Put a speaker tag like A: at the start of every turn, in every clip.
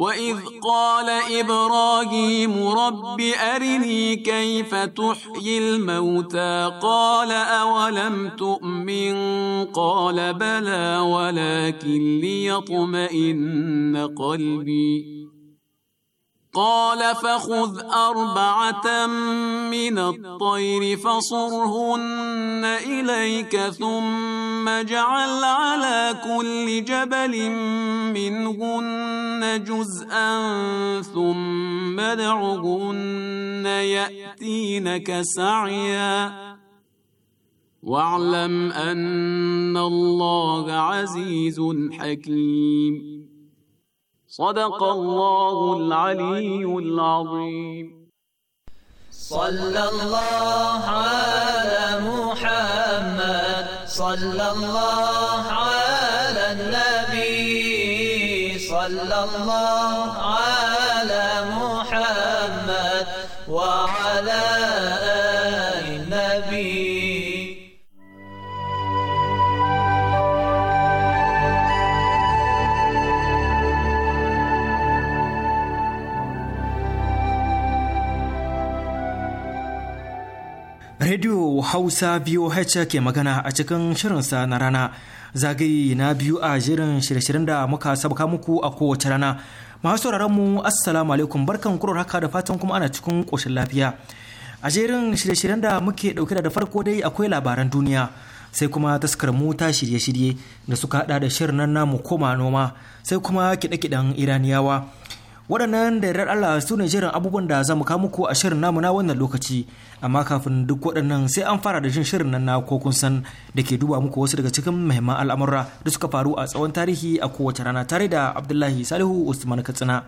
A: واذ قال ابراهيم رب ارني كيف تحيي الموتى قال اولم تؤمن قال بلى ولكن ليطمئن قلبي قال فخذ اربعه من الطير فصرهن اليك ثم اجعل على كل جبل منهن جزءا ثم دعهن ياتينك سعيا واعلم ان الله عزيز حكيم صدق الله العلي العظيم صلى الله على محمد صلى الله على صلى الله على محمد وعلى
B: Radio Hausa biyu VOH ke magana a cikin shirinsa na rana zagaye na biyu a jirin shirye-shiryen da muka sabuka muku a kowace rana. Masu mu Assalamu alaikum barkan kuro haka da fatan kuma ana cikin ƙoshin lafiya. A jerin shirye-shiryen da muke ɗauke da farko dai akwai labaran duniya sai kuma taskar mu ta shirye-shirye da suka hada da shirin nan namu koma noma sai kuma kiɗe-kiɗen Iraniyawa. waɗannan da yarar Allah su ne jerin abubuwan da za mu kawo muku a shirin namu na wannan lokaci amma kafin duk waɗannan sai an fara da jin shirin nan na ko kun san da ke duba muku wasu daga cikin muhimman al'amura da suka faru a tsawon tarihi a kowace rana tare da Abdullahi Salihu Usman Katsina.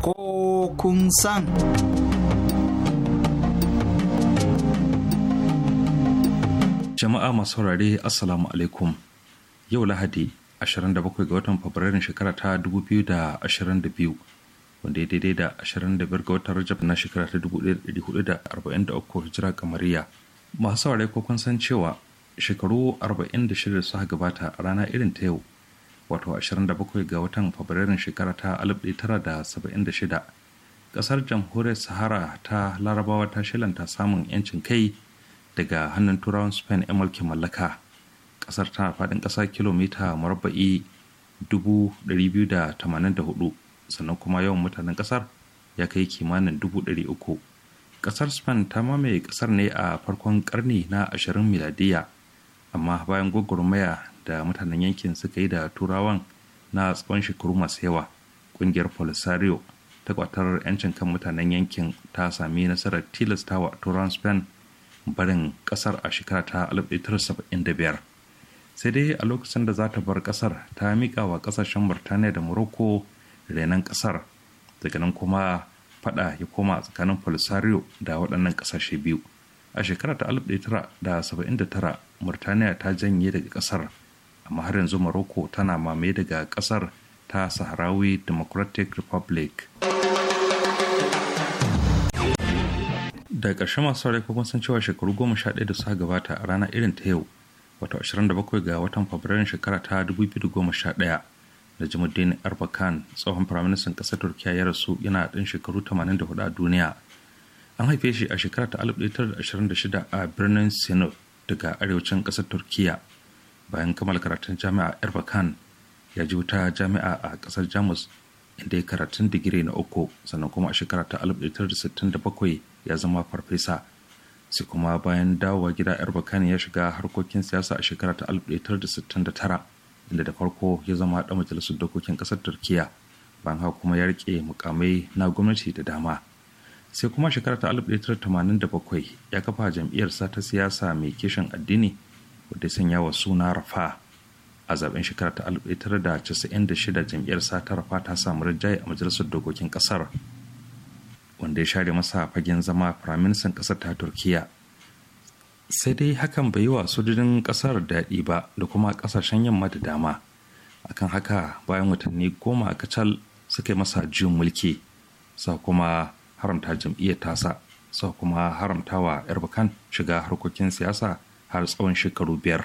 C: Ko kun san.
D: Jama'a masu saurare Assalamu alaikum. yau lahadi 27 ga watan fabrairun shekara ta 2022 wanda ya daidai da 25 ga watan rajab na shekara ta 1443 hijira kamariya masu saurari ko kun san cewa shekaru 46 suka gabata a rana irin ta yau wato 27 ga watan fabrairun shekara ta 1976 kasar jamhuriyar sahara ta larabawa ta shilanta samun yancin kai daga hannun turawan spain 'yan mulkin mallaka kasar ta faɗin ƙasa kilomita marabba'i 284 sannan kuma yawan mutanen ƙasar ya kai kimanin 300 ƙasar spain ta mamaye ƙasar ne a farkon ƙarni na 20 miladiya amma bayan gwagwarmaya da mutanen yankin suka yi da turawan na tsawon shekaru masu yawa ƙungiyar polisario ta kwatar 'yancin kan mutanen yankin ta sami nasarar tilasta tilastawa turawan spain barin ƙasar a shekara ta 1975 sai dai a lokacin da za ta bar kasar ta miƙa wa kasashen burtaniya da morocco renon kasar daga nan kuma fada ya koma tsakanin polisario da waɗannan kasashe biyu a shekara ta 1979 murtaniya ta janye daga kasar amma har yanzu morocco tana mamaye daga kasar ta saharawi democratic republic da ƙarshen masu saurari kuma sun cewa shekaru goma sha ɗaya da suka gabata a rana irin ta yau wata 27 ga watan fabrairun shekara ta 2011 da jimuddin arbakan tsohon firaministan ƙasar turkiya ya rasu yana ɗan shekaru 84 a duniya an haife shi a shekara ta 1926 a birnin sinop daga arewacin ƙasar turkiya bayan kammala karatun jami'a erbakan ya ji wuta jami'a a ƙasar jamus inda ya karatun digiri na uku sannan kuma a shekara ta 1967 ya zama farfesa sai kuma bayan dawowa gida erbakan ya shiga harkokin siyasa a shekara ta 1969 inda da farko ya zama ɗan majalisar dokokin kasar turkiya ban haka kuma ya rike mukamai na gwamnati da dama sai kuma shekara ta 1987 ya kafa jam'iyyarsa ta siyasa mai kishin addini wadda ya sanya wa suna rafa a zaben shekara ta 1996 jam'iyyarsa ta rafa ta samu rinjaye a majalisar dokokin kasar. wanda ya share masa fagen zama firaministan ƙasar ta turkiya sai dai hakan bai yi wa sojojin ƙasar daɗi ba da kuma ƙasashen yamma da dama akan haka bayan watanni goma a kacal suka yi masa jiyun mulki sa kuma haramta jam'iyyar tasa sa kuma haramta haramtawa erbakan shiga harkokin siyasa har tsawon shekaru biyar.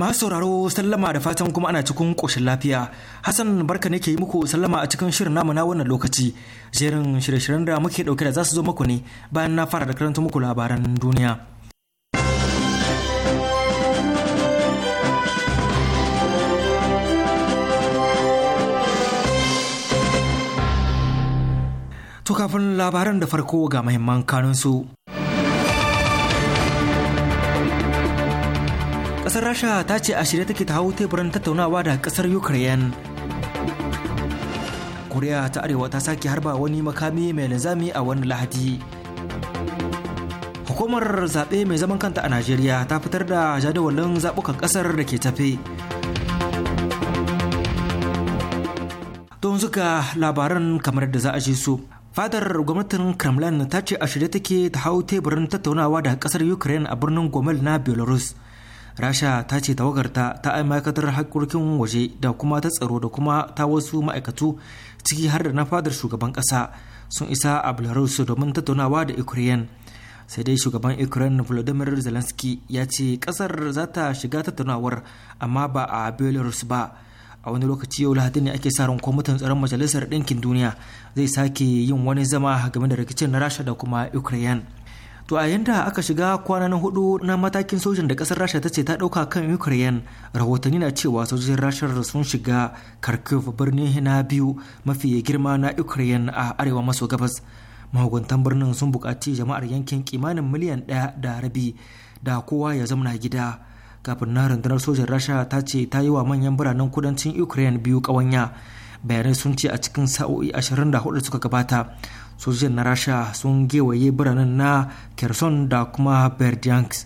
B: masu sauraro sallama da fatan kuma ana cikin koshin lafiya hassan barka ne ke yi muku sallama a cikin shirin namu na wannan lokaci jerin shirye-shiryen da muke ɗauke da za su zo muku ne bayan na fara da karanta muku labaran duniya To kafin labaran da farko ga muhimman kanunsu. kasar rasha ta ce a shirye take ta hau teburin tattaunawa da kasar ukraine koriya ta arewa ta sake harba wani makami mai linzami a wani lahadi hukumar zaɓe mai zaman kanta a najeriya ta fitar da jadawalin zaɓukan ƙasar da ke tafe don zuka labaran kamar da za a ji su fadar gwamnatin kremlin ta ce a shirye take ta hau teburin tattaunawa da ƙasar ukraine a birnin gomel na belarus rasha ta ce tawagarta ta ma'aikatar harkokin waje da kuma ta tsaro da kuma ta wasu ma'aikatu ciki har da na fadar shugaban ƙasa sun isa a belarus domin tattaunawa da ukraine sai dai shugaban ukraine volodymyr zelensky ya ce kasar za ta shiga tattaunawar amma ba a belarus ba a wani lokaci yau lahadi ne ake sa ran kwamitin tsaron majalisar ɗinkin duniya zai sake yin wani zama game da rikicin na rasha da kuma ukraine To a yanda aka shiga kwana na hudu na matakin sojan da kasar Rasha ta ce ta dauka kan Ukraine, rahotanni na cewa sojojin rasha sun shiga Kharkiv birnin na biyu mafi girma na Ukraine a arewa maso gabas. Mahukuntan birnin sun buƙaci jama'ar yankin kimanin miliyan ɗaya da rabi da kowa ya zamana gida. Kafin na rundunar sojan Rasha ta ce ta yi wa manyan biranen kudancin Ukraine biyu ƙawanya. Bayanai sun ce a cikin sa'o'i 24 suka gabata sojojin na rasha sun gewaye biranen na kherson da kuma berdyansk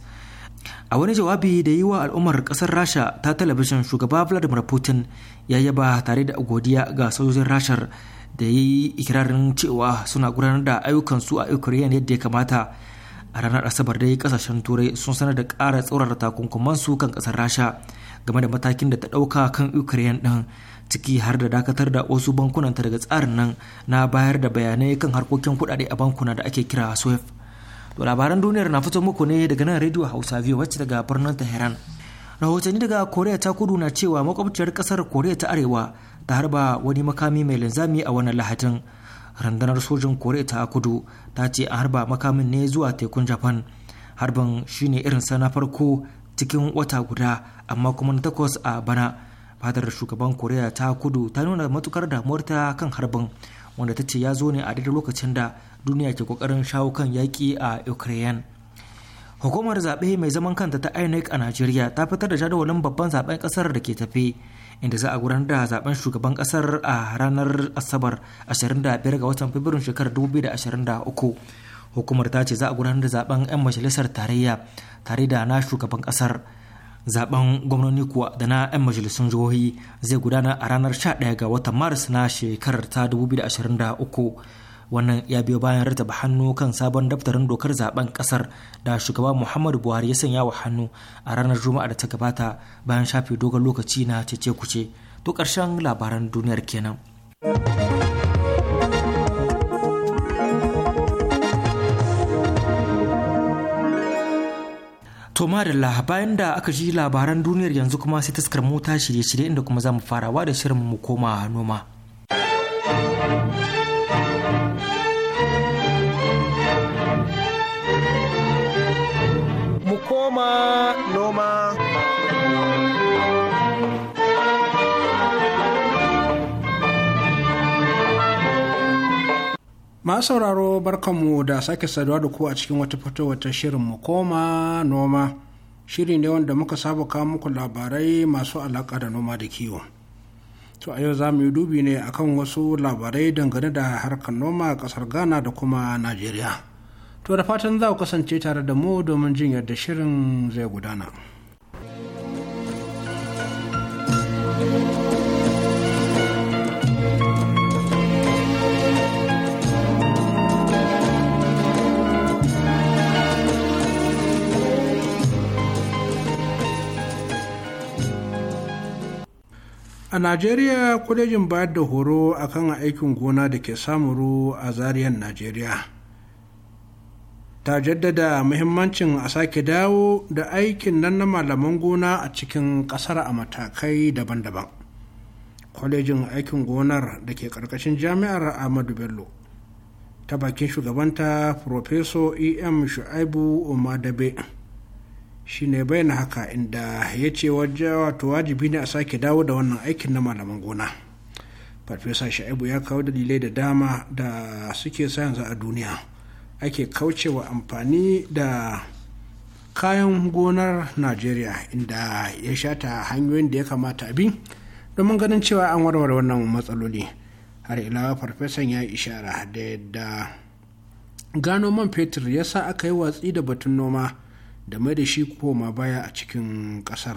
B: a wani jawabi da yi wa al'ummar kasar rasha ta talabijin shugaba vladimir putin ya yaba tare da godiya ga sojojin rashar da ya yi ikirarin cewa suna gudanar da ayyukansu a ukraine yadda ya kamata a ranar asabar dai kasashen turai sun sanar da ƙara tsaurara takunkumansu kan kasar rasha game da matakin da ta ɗauka kan ukraine ɗin ciki har da dakatar da wasu bankunan ta daga tsarin nan na bayar da bayanai kan harkokin kuɗaɗe a bankuna da ake kira swift to labaran duniyar na fito muku ne daga nan radio hausa biyu wacce daga birnin tehran rahotanni daga koriya ta kudu na cewa makwabciyar kasar koriya ta arewa ta harba wani makami mai linzami a wannan lahadin randanar sojin koriya ta kudu ta ce a harba makamin ne zuwa tekun japan harbin shine irinsa na farko cikin wata guda amma kuma na takwas a bana fadar shugaban koriya ta kudu ta nuna matukar damuwarta kan harbin wanda ta ce ya zo ne a daidai lokacin da duniya ke kokarin shawo kan yaƙi a ukraine hukumar zaɓe mai zaman kanta ta inec a najeriya ta fitar da jadawalin babban zaben ƙasar da ke tafe inda za a gudanar da zaben shugaban ƙasar a ranar asabar 25 ga watan fabrairu shekarar 2023 hukumar ta ce za a gudanar da zaɓen 'yan majalisar tarayya tare da na shugaban ƙasar zaben gwamnoni kuwa da na 'yan majalisun jihohi zai gudana a ranar 11 ga watan maris na shekarar ta 2023 wannan ya biyo bayan rataba hannu kan sabon daftarin dokar zaben kasar da shugaba muhammadu buhari ya sanya wa hannu a ranar juma'a da ta gabata bayan shafe dogon lokaci na cece kuce to karshen labaran duniyar kenan. To madalla bayan da aka ji labaran duniyar yanzu kuma sai taskar mota shirye-shirye inda kuma za mu farawa da shirin mu koma noma.
E: Ma sauraro barkanmu da sake saduwa da ku a cikin wata fitowar ta shirin mu koma noma. Shiri ne wanda muka saba kawo muku labarai masu alaƙa da noma da kiwo. To a yau za mu yi dubi ne akan wasu labarai dangane da harkar noma a ƙasar Ghana da kuma Najeriya. To da fatan za ku kasance tare da mu domin jin yadda shirin zai gudana. a najeriya kwalejin bayar da horo akan aikin gona da ke samuru a zariyar najeriya ta jaddada muhimmancin a sake dawo da aikin nan na malaman gona a cikin ƙasar a matakai daban-daban kwalejin aikin gonar da ke ƙarƙashin jami'ar ahmadu bello ta bakin shugabanta Profeso em shu'aibu umadabe Shi shine bayyana haka inda ya ce wato wajibi ne a sake dawo da wannan aikin na malaman gona farfesa sha'ibu ya kawo dalilai da dama da suke sa yanzu a duniya ake kaucewa amfani da kayan gonar najeriya inda ya shata hanyoyin da ya kamata bi domin ganin cewa an warware wannan matsaloli har ila farfesan ya ishara da yadda gano man fetur ya sa aka yi watsi da batun noma da mai da shi koma baya a cikin ƙasar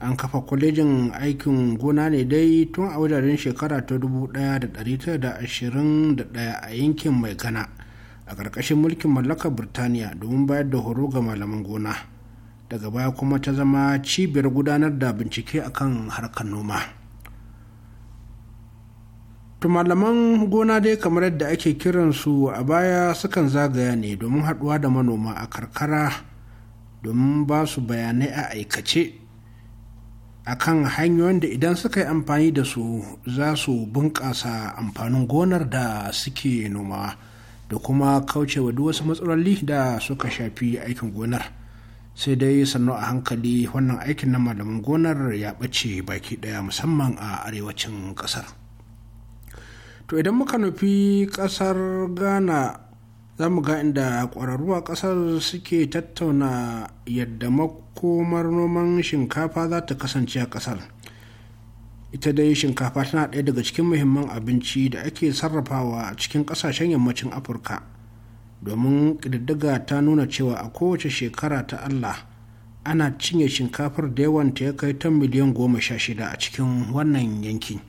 E: an kafa kwalejin aikin gona ne dai tun a wajen shekara ta 1921 a yankin mai gana a ƙarƙashin mulkin mallakar birtaniya domin bayar da horo ga malaman gona daga baya kuma ta zama cibiyar gudanar da bincike akan harkar noma. To malaman gona dai kamar yadda ake kiransu a baya sukan zagaya ne domin haɗuwa da manoma a karkara domin ba su bayanai a aikace a kan hanyoyin da idan suka yi amfani da su za su bunƙasa amfanin gonar da suke noma da kuma kaucewa duk wasu matsaloli da suka shafi aikin gonar sai dai sannu a hankali wannan aikin na malamin gonar ya ɓace baki ɗaya musamman a arewacin ƙasar to idan muka nufi ƙasar ghana za mu ga inda ƙwararru a ƙasar suke tattauna yadda makomar noman shinkafa za ta kasance a ƙasar ita dai shinkafa tana ɗaya daga cikin muhimman abinci da ake sarrafawa a cikin ƙasashen yammacin afirka domin ƙididdiga ta nuna cewa a kowace shekara ta allah ana cinye shinkafar da yawan ta ya kai ta miliyan goma sha shida a cikin wannan yankin.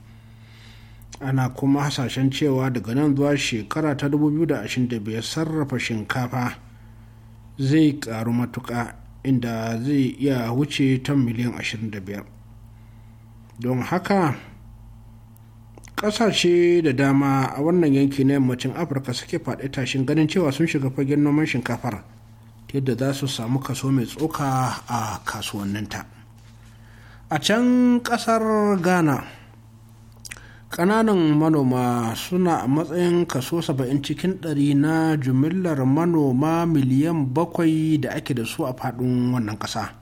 E: ana kuma hasashen cewa daga nan zuwa shekara ta 2025 sarrafa shinkafa zai karu matuka inda zai iya wuce tan miliyan 25 don haka kasashe da dama a wannan yanki na yammacin afirka suke faɗi tashin ganin cewa sun shiga fagen noman shinkafar yadda za su samu kaso mai tsoka a kasuwanninta a can ƙasar ghana ƙananan manoma suna a matsayin kaso 70 cikin ɗari na jumillar manoma miliyan bakwai da ake da su a faɗin wannan ƙasa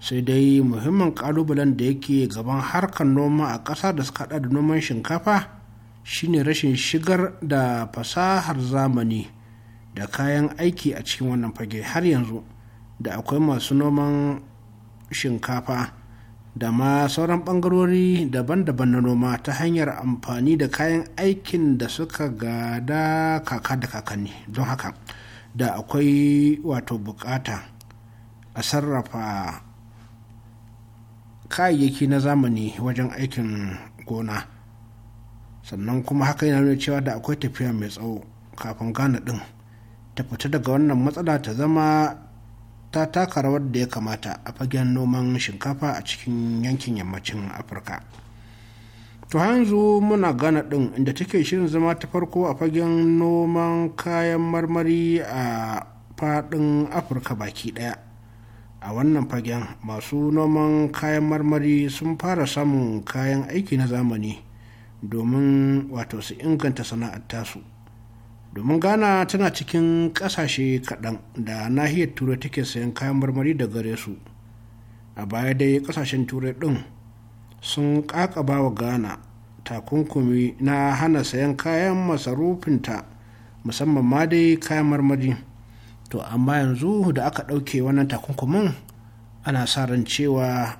E: sai dai muhimmin ƙalubalen da yake gaban harkar noma a ƙasa da suka da noman shinkafa shine rashin shigar da fasahar zamani da kayan aiki a cikin wannan fage har yanzu da akwai masu noman shinkafa da ma sauran ɓangarori daban-daban na noma ta hanyar amfani da kayan aikin da suka gada kaka da kakanni don haka da akwai wato bukata a sarrafa kayayyaki na zamani wajen aikin gona sannan kuma haka yana nuna cewa da akwai tafiya mai tsawo kafin gane ɗin ta fita daga wannan matsala ta zama ta taka rawar da ya kamata a fagen noman shinkafa a cikin yankin yammacin afirka to hanzu muna gana ɗin inda take shirin zama ta farko a fagen noman kayan marmari a faɗin afirka baki ɗaya a wannan fagen masu noman kayan marmari sun fara samun kayan aiki na zamani domin wato su inganta sana'ar tasu domin ghana tana cikin kasashe kaɗan da nahiyar turai take sayan kayan marmari da gare su a baya dai kasashen turai ɗin sun ƙaƙaba wa ghana takunkumi na hana sayan kayan masarufinta musamman ma dai kayan marmari to amma yanzu da aka ɗauke wannan takunkumin ana sa ran cewa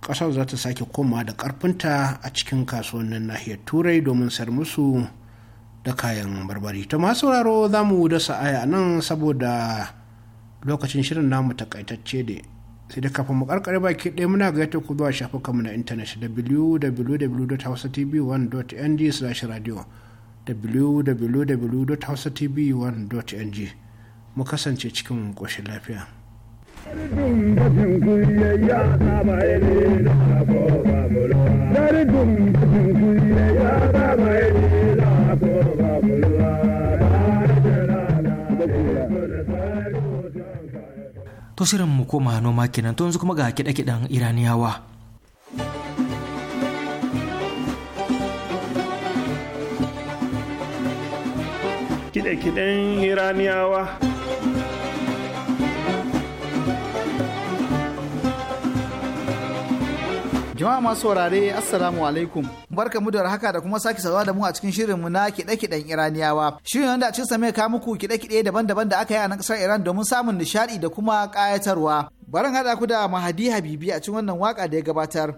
E: ƙasar za ta sake koma da ƙarfinta a cikin kasuwannin nahiyar turai domin sayar musu da kayan barbari ta masu sauraro za mu da sa'aya nan saboda lokacin shirin namu takaitacce ne sai da kafin mu karkare baki ɗaya muna gaita ku zuwa shafukanmu na intanet www.hausatv1.ng slash radio www.hausatv1.ng mu kasance cikin ƙoshin lafiya.
F: Dari dum dum kuye ya ba mai
B: To shirin mu koma noma kenan to yanzu kuma ga kiɗe-kiɗen Iraniyawa.
C: Kiɗe-kiɗen Iraniyawa.
B: Jama'a masu wurare Assalamu alaikum. barka mu da haka da kuma sake saurawa da mu a cikin shirin mu na kiɗe-kiɗen Iraniyawa. Shirin wanda cikin same ka muku kiɗe-kiɗe daban-daban da aka yi a nan ƙasar Iran domin samun nishaɗi da kuma ƙayatarwa. Barin haɗa ku da Mahadi Habibi a cikin wannan waka da ya gabatar.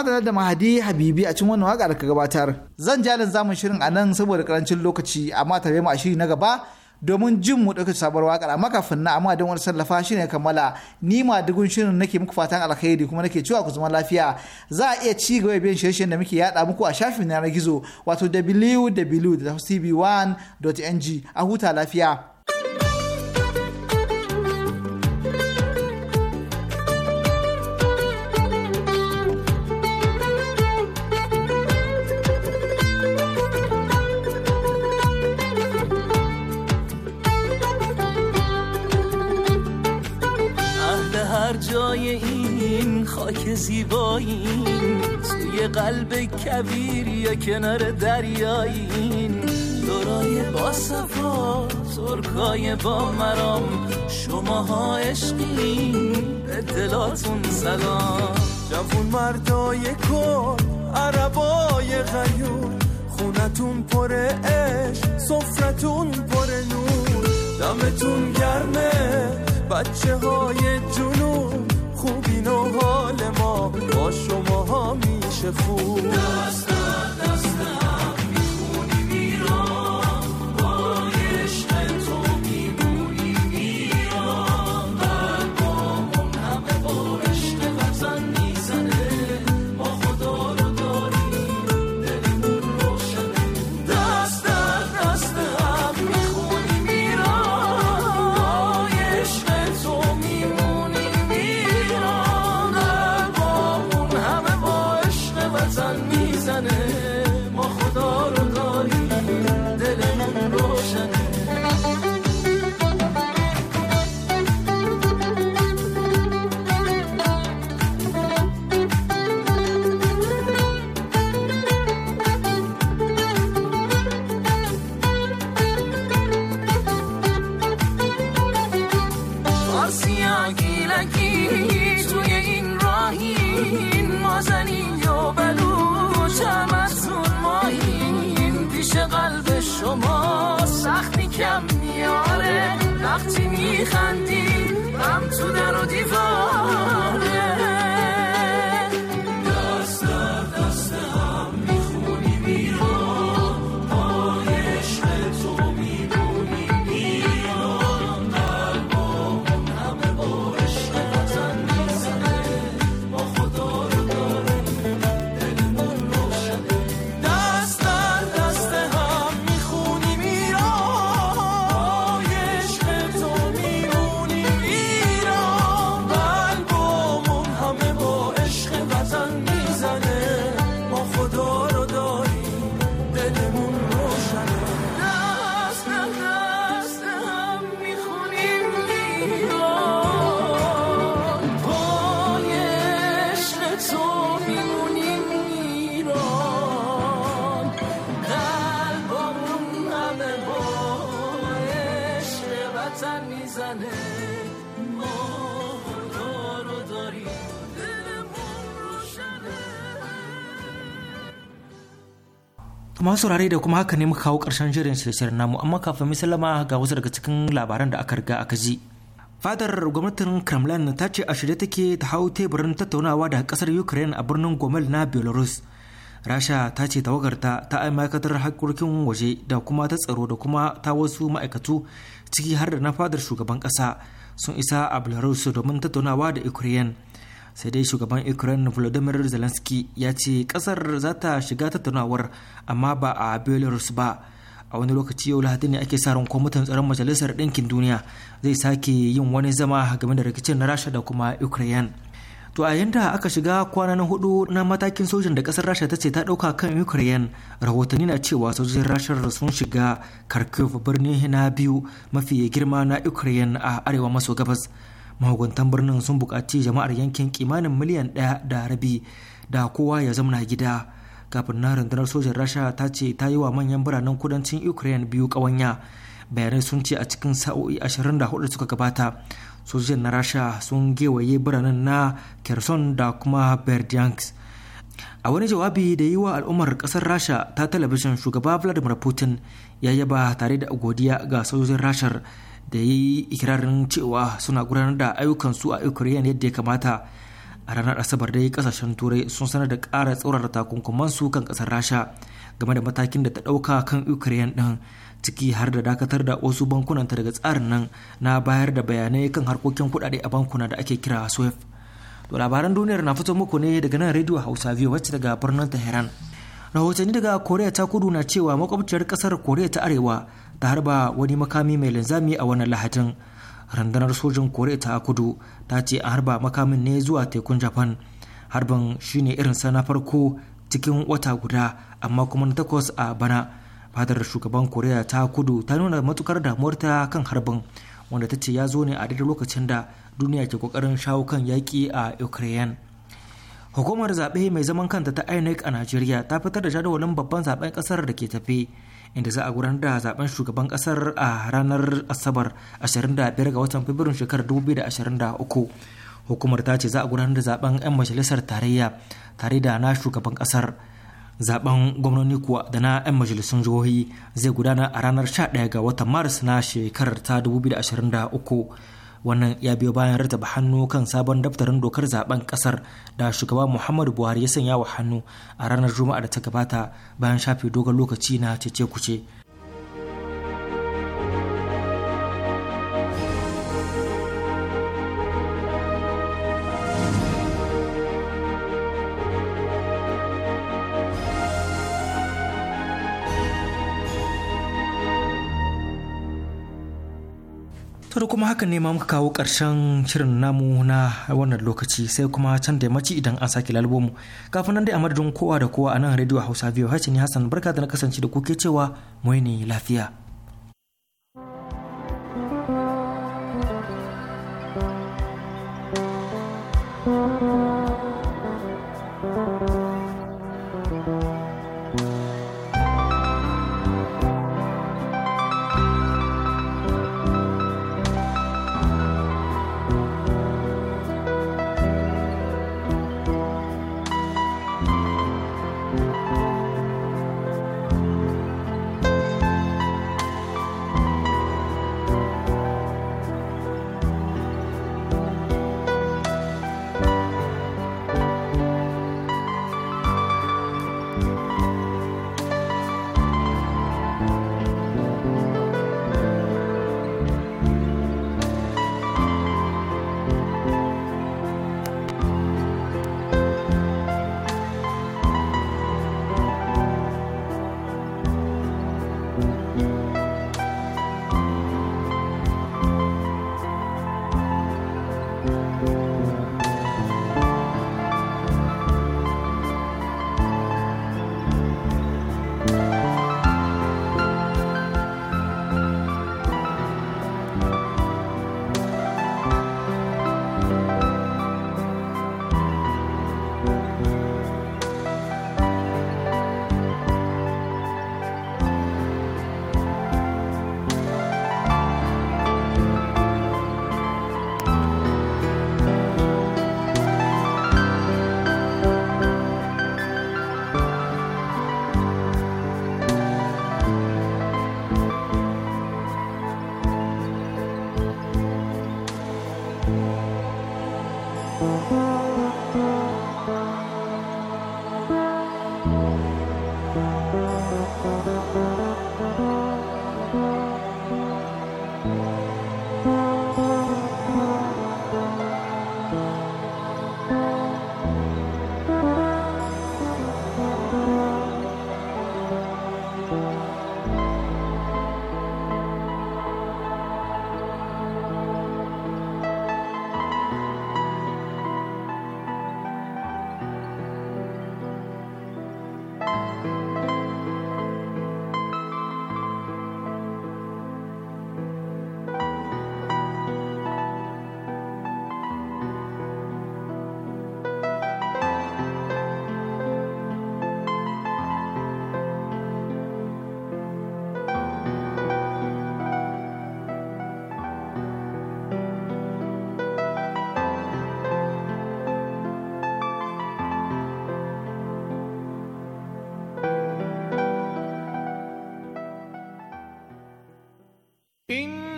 B: amma da mahadi habibi a cikin wannan waka da ka gabatar zan jalin zamun shirin a nan saboda karancin lokaci amma tare mu a shiri na gaba domin jin mu ɗauka sabuwar wakar amma kafin na amma don wani sallafa shi ne kammala ni ma dugun shirin nake muku fatan alkhairi kuma na nake cewa ku zama lafiya za a iya ci gaba biyan shirye da muke yada muku a shafin na yanar gizo wato www.tv1.ng a huta lafiya.
A: قلب کبیر یا کنار دریایی
C: دورای با
A: صفا ترکای با مرام شماها عشقین دلاتون
C: سلام جوون مردای کن عربای غیور خونتون پر عشق سفرتون پر نور
A: دمتون گرمه بچه های جنوب خوبین و حال ما با شما ها میشه خوب وقتی میخندی هم تو در و دیوار سر میزنه ما
B: kuma saurare da kuma haka ne muka kawo ƙarshen shirin shirye-shiryen namu amma kafin mu sallama ga wasu daga cikin labaran da aka riga aka ji fadar gwamnatin kremlin ta ce a shirye take ta hau teburin tattaunawa da ƙasar ukraine a birnin gomel na belarus rasha ta ce tawagarta ta ma'aikatar harkokin waje da kuma ta tsaro da kuma ta wasu ma'aikatu ciki har da na fadar shugaban ƙasa sun isa a belarus domin tattaunawa da ukraine sai dai shugaban ukraine volodymyr zelensky ya ce kasar za ta shiga tattaunawar amma ba a belarus ba a wani lokaci yau lahadi ne ake sa ran kwamitin tsaron majalisar ɗinkin duniya zai sake yin wani zama game da rikicin na rasha da kuma ukraine To a yanda aka shiga kwana na hudu na matakin sojan da kasar Rasha ta ce ta dauka kan Ukraine, rahotanni na cewa sojojin rasha sun shiga Kharkiv birnin hina biyu mafi girma na Ukraine a arewa maso gabas. Mahukuntan birnin sun buƙaci jama'ar yankin kimanin miliyan ɗaya da rabi da kowa ya zamana gida. Kafin na rundunar sojan Rasha ta ce ta yi wa manyan biranen kudancin Ukraine biyu ƙawanya. bayanai sun ce a cikin sa'o'i 24 da suka gabata sojojin na rasha sun gewaye biranen na kherson da kuma berdyansk a wani jawabi da yi wa al'ummar kasar rasha ta talabijin shugaba vladimir putin ya yaba tare da godiya ga sojojin rashar da yi ikirarin cewa suna gudanar da ayyukansu a ukraine yadda ya kamata a ranar asabar dai kasashen turai sun sanar da ƙara tsaurara takunkumansu kan kasar rasha game da matakin da ta ɗauka kan ukraine ɗin ciki har da dakatar da wasu bankunanta daga tsarin nan na bayar da bayanai kan harkokin kudade a bankuna da ake kira swift to labaran duniyar na fito muku ne daga nan radio hausa view wacce daga birnin tehran rahotanni daga koriya ta kudu na cewa makwabciyar kasar koriya ta arewa ta harba wani makami mai linzami a wannan lahadin rundunar sojin koriya ta kudu ta ce a harba makamin ne zuwa tekun japan harbin shine irinsa na farko cikin wata guda amma kuma na takwas a bana fadar shugaban koriya ta kudu ta nuna matukar damuwarta kan harbin wanda ta ce ya zo ne a daidai lokacin da duniya ke kokarin shawo kan yaƙi a ukraine hukumar zaɓe mai zaman kanta ta inec a najeriya ta fitar da jadawalin babban zaben ƙasar da ke tafe inda za a gudanar da zaben shugaban ƙasar a ranar asabar 25 ga watan fabrairu shekarar 2023 hukumar ta ce za a gudanar da zaben 'yan majalisar tarayya tare da na shugaban ƙasar zaben gwamnoni kuwa da na 'yan majalisun jihohi zai gudana a ranar 11 ga watan maris na shekarar ta 2023 wannan ya biyo bayan rataba hannu kan sabon daftarin dokar zaben kasar da shugaba muhammadu buhari ya sanya wa hannu a ranar juma'a da ta gabata bayan shafe dogon lokaci na cece kuce to kuma haka ne ma muka kawo ƙarshen shirin namu na wannan lokaci sai kuma can da mace idan an sake lalubo mu kafin nan dai a madadin kowa da kowa a nan rediyo hausa biyu ne hassan barka da na kasance da kuke cewa mu ne lafiya